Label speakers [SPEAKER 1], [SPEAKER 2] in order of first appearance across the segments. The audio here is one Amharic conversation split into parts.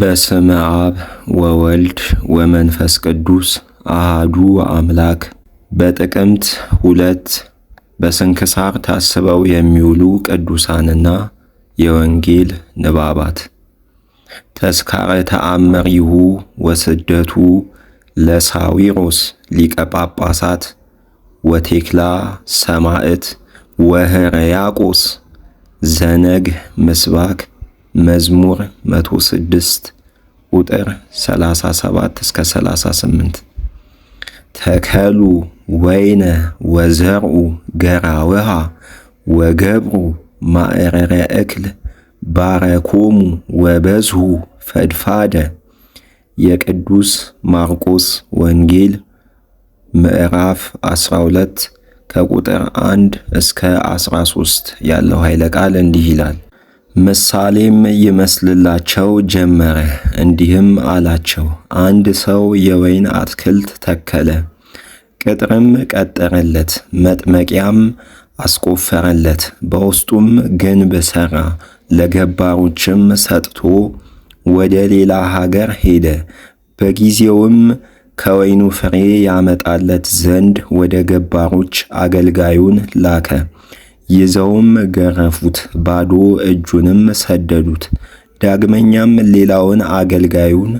[SPEAKER 1] በስመ አብ ወወልድ ወመንፈስ ቅዱስ አሃዱ አምላክ። በጥቅምት ሁለት በስንክሳር ታስበው የሚውሉ ቅዱሳንና የወንጌል ንባባት ተስካረ ተአመሪሁ ወስደቱ ለሳዊሮስ ሊቀ ጳጳሳት ወቴክላ ሰማዕት ወህረያቆስ ዘነግ ምስባክ መዝሙር 106 ቁጥር 37 እስከ 38 ተከሉ ወይነ ወዘርኡ ገራውሃ ወገብሩ ማእረረ እክል ባረኮሙ ወበዝሁ ፈድፋደ። የቅዱስ ማርቆስ ወንጌል ምዕራፍ 12 ከቁጥር 1 እስከ 13 ያለው ኃይለ ቃል እንዲህ ይላል። ምሳሌም ይመስልላቸው ጀመረ፣ እንዲህም አላቸው፦ አንድ ሰው የወይን አትክልት ተከለ፣ ቅጥርም ቀጠረለት፣ መጥመቂያም አስቆፈረለት፣ በውስጡም ግንብ ሠራ፣ ለገባሮችም ሰጥቶ ወደ ሌላ ሀገር ሄደ። በጊዜውም ከወይኑ ፍሬ ያመጣለት ዘንድ ወደ ገባሮች አገልጋዩን ላከ። ይዘውም ገረፉት፣ ባዶ እጁንም ሰደዱት። ዳግመኛም ሌላውን አገልጋዩን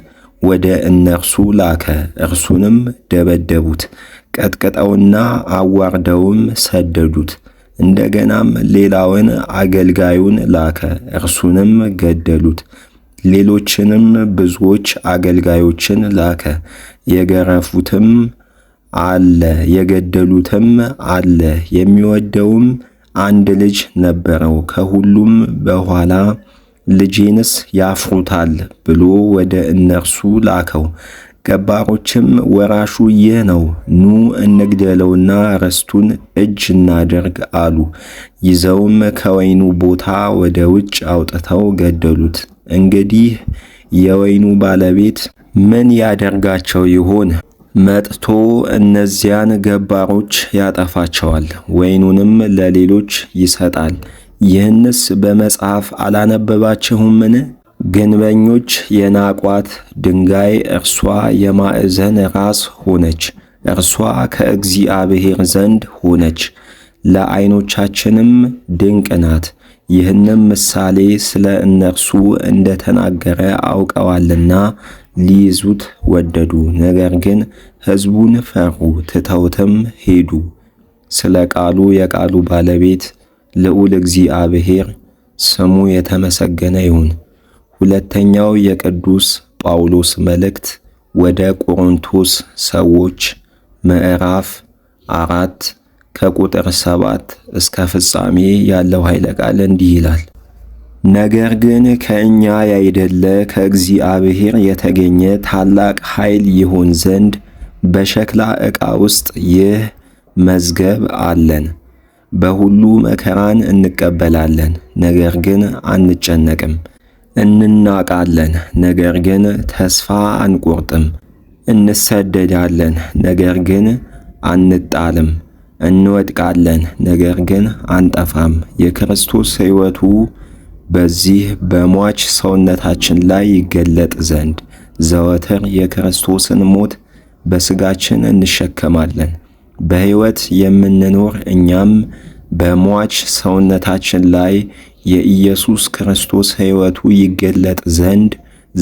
[SPEAKER 1] ወደ እነርሱ ላከ። እርሱንም ደበደቡት፣ ቀጥቅጠውና አዋርደውም ሰደዱት። እንደገናም ሌላውን አገልጋዩን ላከ፣ እርሱንም ገደሉት። ሌሎችንም ብዙዎች አገልጋዮችን ላከ። የገረፉትም አለ፣ የገደሉትም አለ፣ የሚወደውም አንድ ልጅ ነበረው። ከሁሉም በኋላ ልጄንስ ያፍሩታል ብሎ ወደ እነርሱ ላከው። ገባሮችም ወራሹ ይህ ነው፣ ኑ እንግደለውና ርስቱን እጅ እናደርግ አሉ። ይዘውም ከወይኑ ቦታ ወደ ውጭ አውጥተው ገደሉት። እንግዲህ የወይኑ ባለቤት ምን ያደርጋቸው ይሆን? መጥቶ እነዚያን ገባሮች ያጠፋቸዋል፣ ወይኑንም ለሌሎች ይሰጣል። ይህንስ በመጽሐፍ አላነበባችሁምን? ግንበኞች የናቋት ድንጋይ እርሷ የማዕዘን ራስ ሆነች፣ እርሷ ከእግዚአብሔር ዘንድ ሆነች፣ ለዐይኖቻችንም ድንቅ ናት። ይህንም ምሳሌ ስለ እነርሱ እንደ ተናገረ አውቀዋልና ሊይዙት ወደዱ። ነገር ግን ሕዝቡን ፈሩ፣ ትተውትም ሄዱ። ስለ ቃሉ የቃሉ ባለቤት ልዑል እግዚአብሔር ስሙ የተመሰገነ ይሁን። ሁለተኛው የቅዱስ ጳውሎስ መልእክት ወደ ቆሮንቶስ ሰዎች ምዕራፍ አራት ከቁጥር ሰባት እስከ ፍጻሜ ያለው ኃይለ ቃል እንዲህ ይላል። ነገር ግን ከእኛ ያይደለ ከእግዚአብሔር የተገኘ ታላቅ ኃይል ይሆን ዘንድ በሸክላ ዕቃ ውስጥ ይህ መዝገብ አለን። በሁሉ መከራን እንቀበላለን፣ ነገር ግን አንጨነቅም። እንናቃለን፣ ነገር ግን ተስፋ አንቆርጥም። እንሰደዳለን፣ ነገር ግን አንጣልም። እንወድቃለን፣ ነገር ግን አንጠፋም። የክርስቶስ ሕይወቱ በዚህ በሟች ሰውነታችን ላይ ይገለጥ ዘንድ ዘወትር የክርስቶስን ሞት በስጋችን እንሸከማለን። በሕይወት የምንኖር እኛም በሟች ሰውነታችን ላይ የኢየሱስ ክርስቶስ ሕይወቱ ይገለጥ ዘንድ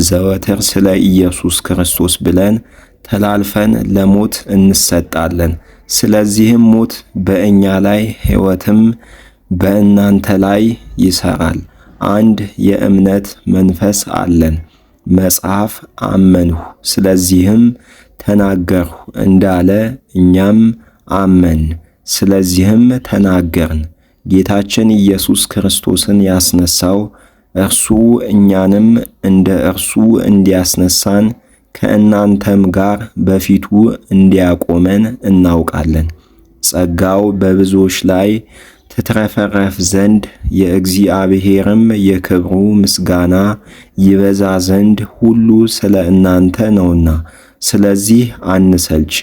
[SPEAKER 1] ዘወትር ስለ ኢየሱስ ክርስቶስ ብለን ተላልፈን ለሞት እንሰጣለን። ስለዚህም ሞት በእኛ ላይ ሕይወትም በእናንተ ላይ ይሰራል። አንድ የእምነት መንፈስ አለን። መጽሐፍ አመንሁ ስለዚህም ተናገርሁ እንዳለ እኛም አመን ስለዚህም ተናገርን። ጌታችን ኢየሱስ ክርስቶስን ያስነሳው እርሱ እኛንም እንደ እርሱ እንዲያስነሳን ከእናንተም ጋር በፊቱ እንዲያቆመን እናውቃለን። ጸጋው በብዙዎች ላይ ትትረፈረፍ ዘንድ የእግዚአብሔርም የክብሩ ምስጋና ይበዛ ዘንድ ሁሉ ስለ እናንተ ነውና፣ ስለዚህ አንሰልች።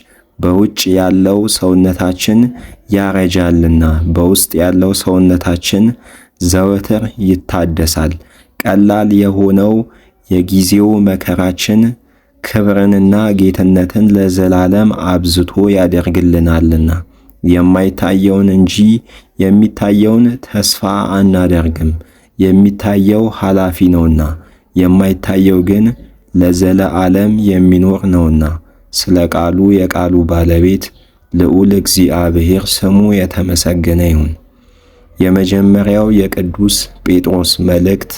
[SPEAKER 1] በውጭ ያለው ሰውነታችን ያረጃልና፣ በውስጥ ያለው ሰውነታችን ዘወትር ይታደሳል። ቀላል የሆነው የጊዜው መከራችን ክብርንና ጌትነትን ለዘላለም አብዝቶ ያደርግልናልና። የማይታየውን እንጂ የሚታየውን ተስፋ አናደርግም፣ የሚታየው ኃላፊ ነውና፣ የማይታየው ግን ለዘለዓለም የሚኖር ነውና። ስለ ቃሉ የቃሉ ባለቤት ልዑል እግዚአብሔር ስሙ የተመሰገነ ይሁን። የመጀመሪያው የቅዱስ ጴጥሮስ መልእክት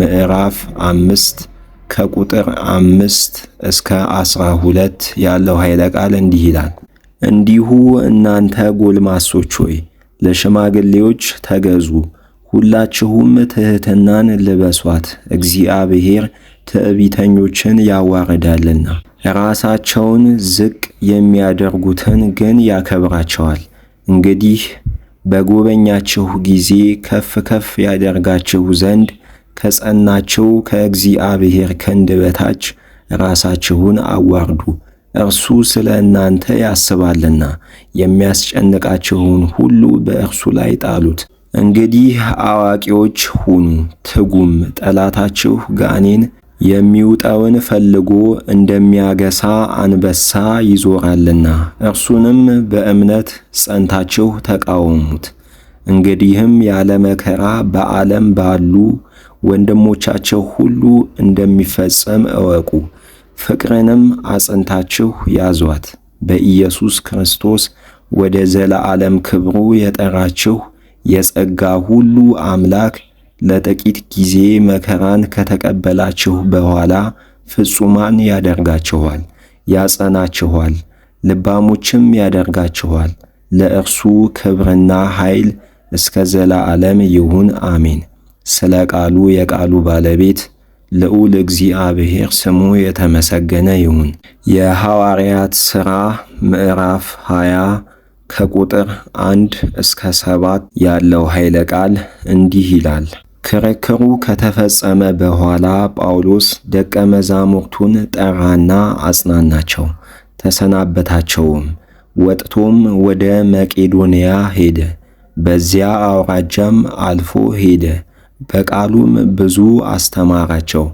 [SPEAKER 1] ምዕራፍ አምስት ከቁጥር አምስት እስከ አስራ ሁለት ያለው ኃይለ ቃል እንዲህ ይላል። እንዲሁ እናንተ ጎልማሶች ሆይ ለሽማግሌዎች ተገዙ፣ ሁላችሁም ትሕትናን ልበሷት። እግዚአብሔር ትዕቢተኞችን ያዋርዳልና፣ ራሳቸውን ዝቅ የሚያደርጉትን ግን ያከብራቸዋል። እንግዲህ በጎበኛችሁ ጊዜ ከፍ ከፍ ያደርጋችሁ ዘንድ ከጸናችሁ ከእግዚአብሔር ክንድ በታች ራሳችሁን አዋርዱ። እርሱ ስለ እናንተ ያስባልና የሚያስጨንቃችሁን ሁሉ በእርሱ ላይ ጣሉት። እንግዲህ አዋቂዎች ሁኑ፣ ትጉም። ጠላታችሁ ጋኔን የሚውጠውን ፈልጎ እንደሚያገሳ አንበሳ ይዞራልና እርሱንም በእምነት ጸንታችሁ ተቃወሙት። እንግዲህም ያለ መከራ በዓለም ባሉ ወንድሞቻቸው ሁሉ እንደሚፈጸም እወቁ። ፍቅርንም አጽንታችሁ ያዟት። በኢየሱስ ክርስቶስ ወደ ዘለዓለም ክብሩ የጠራችሁ የጸጋ ሁሉ አምላክ ለጥቂት ጊዜ መከራን ከተቀበላችሁ በኋላ ፍጹማን ያደርጋችኋል፣ ያጸናችኋል፣ ልባሞችም ያደርጋችኋል። ለእርሱ ክብርና ኃይል እስከ ዘለዓለም ይሁን፣ አሜን። ስለ ቃሉ የቃሉ ባለቤት ልዑል እግዚአብሔር ስሙ የተመሰገነ ይሁን። የሐዋርያት ሥራ ምዕራፍ 20 ከቁጥር 1 እስከ 7 ያለው ኃይለ ቃል እንዲህ ይላል። ክርክሩ ከተፈጸመ በኋላ ጳውሎስ ደቀ መዛሙርቱን ጠራና አጽናናቸው፣ ተሰናበታቸውም። ወጥቶም ወደ መቄዶንያ ሄደ፣ በዚያ አውራጃም አልፎ ሄደ። በቃሉም ብዙ አስተማራቸው።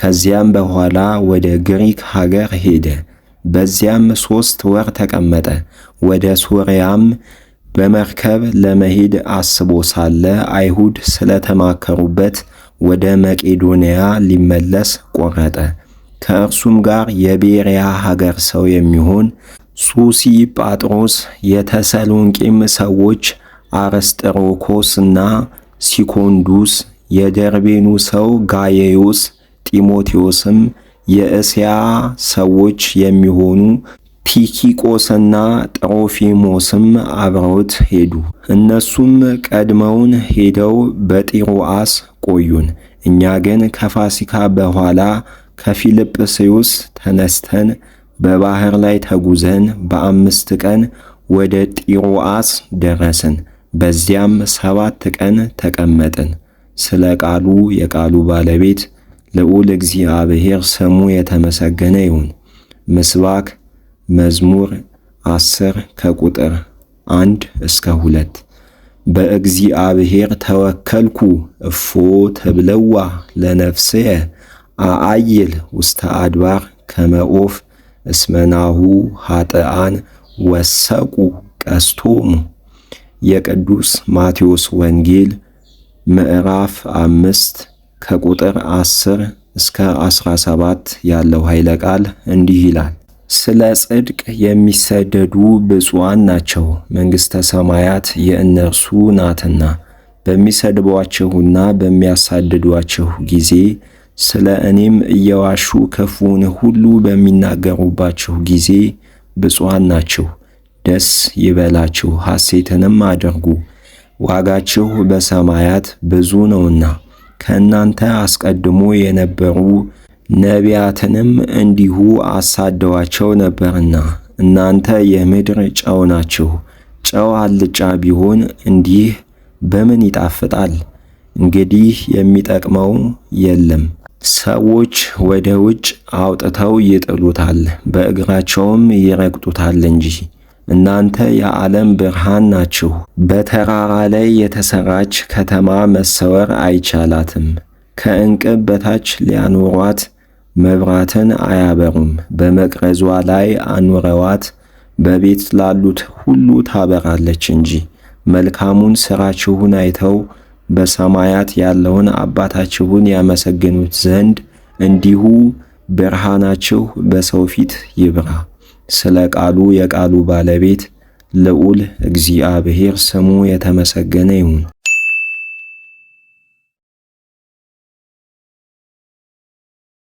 [SPEAKER 1] ከዚያም በኋላ ወደ ግሪክ ሀገር ሄደ። በዚያም ሦስት ወር ተቀመጠ። ወደ ሶርያም በመርከብ ለመሄድ አስቦ ሳለ አይሁድ ስለተማከሩበት ወደ መቄዶንያ ሊመለስ ቆረጠ። ከእርሱም ጋር የቤርያ ሀገር ሰው የሚሆን ሱሲ ጳጥሮስ፣ የተሰሎንቄም ሰዎች እና ሲኮንዱስ የደርቤኑ ሰው ጋየዮስ ጢሞቴዎስም የእስያ ሰዎች የሚሆኑ ቲኪቆስና ጥሮፊሞስም አብረውት ሄዱ። እነሱም ቀድመውን ሄደው በጢሮአስ ቆዩን። እኛ ግን ከፋሲካ በኋላ ከፊልጵስዩስ ተነስተን በባህር ላይ ተጉዘን በአምስት ቀን ወደ ጢሮአስ ደረስን። በዚያም ሰባት ቀን ተቀመጥን። ስለ ቃሉ የቃሉ ባለቤት ልዑል እግዚአብሔር ስሙ የተመሰገነ ይሁን። ምስባክ መዝሙር አስር ከቁጥር አንድ እስከ ሁለት በእግዚአብሔር ተወከልኩ እፎ ተብለዋ ለነፍስየ አአይል ውስተ አድባር ከመኦፍ እስመናሁ ኃጥኣን ወሰቁ ቀስቶሙ። የቅዱስ ማቴዎስ ወንጌል ምዕራፍ አምስት ከቁጥር አስር እስከ አስራ ሰባት ያለው ኃይለ ቃል እንዲህ ይላል። ስለ ጽድቅ የሚሰደዱ ብፁዓን ናቸው፣ መንግሥተ ሰማያት የእነርሱ ናትና። በሚሰድቧችሁና በሚያሳድዷችሁ ጊዜ ስለ እኔም እየዋሹ ክፉውን ሁሉ በሚናገሩባችሁ ጊዜ ብፁዓን ናችሁ። ደስ ይበላችሁ፣ ሐሴትንም አድርጉ ዋጋችሁ በሰማያት ብዙ ነውና ከእናንተ አስቀድሞ የነበሩ ነቢያትንም እንዲሁ አሳደዋቸው ነበርና እናንተ የምድር ጨው ናችሁ። ጨው አልጫ ቢሆን እንዲህ በምን ይጣፍጣል? እንግዲህ የሚጠቅመው የለም። ሰዎች ወደ ውጭ አውጥተው ይጥሉታል፣ በእግራቸውም ይረግጡታል እንጂ እናንተ የዓለም ብርሃን ናችሁ። በተራራ ላይ የተሰራች ከተማ መሰወር አይቻላትም። ከእንቅብ በታች ሊያኖሯት መብራትን አያበሩም። በመቅረዟ ላይ አኑረዋት በቤት ላሉት ሁሉ ታበራለች እንጂ። መልካሙን ሥራችሁን አይተው በሰማያት ያለውን አባታችሁን ያመሰግኑት ዘንድ እንዲሁ ብርሃናችሁ በሰው ፊት ይብራ። ስለ ቃሉ የቃሉ ባለቤት ልዑል እግዚአብሔር ስሙ የተመሰገነ ይሁን።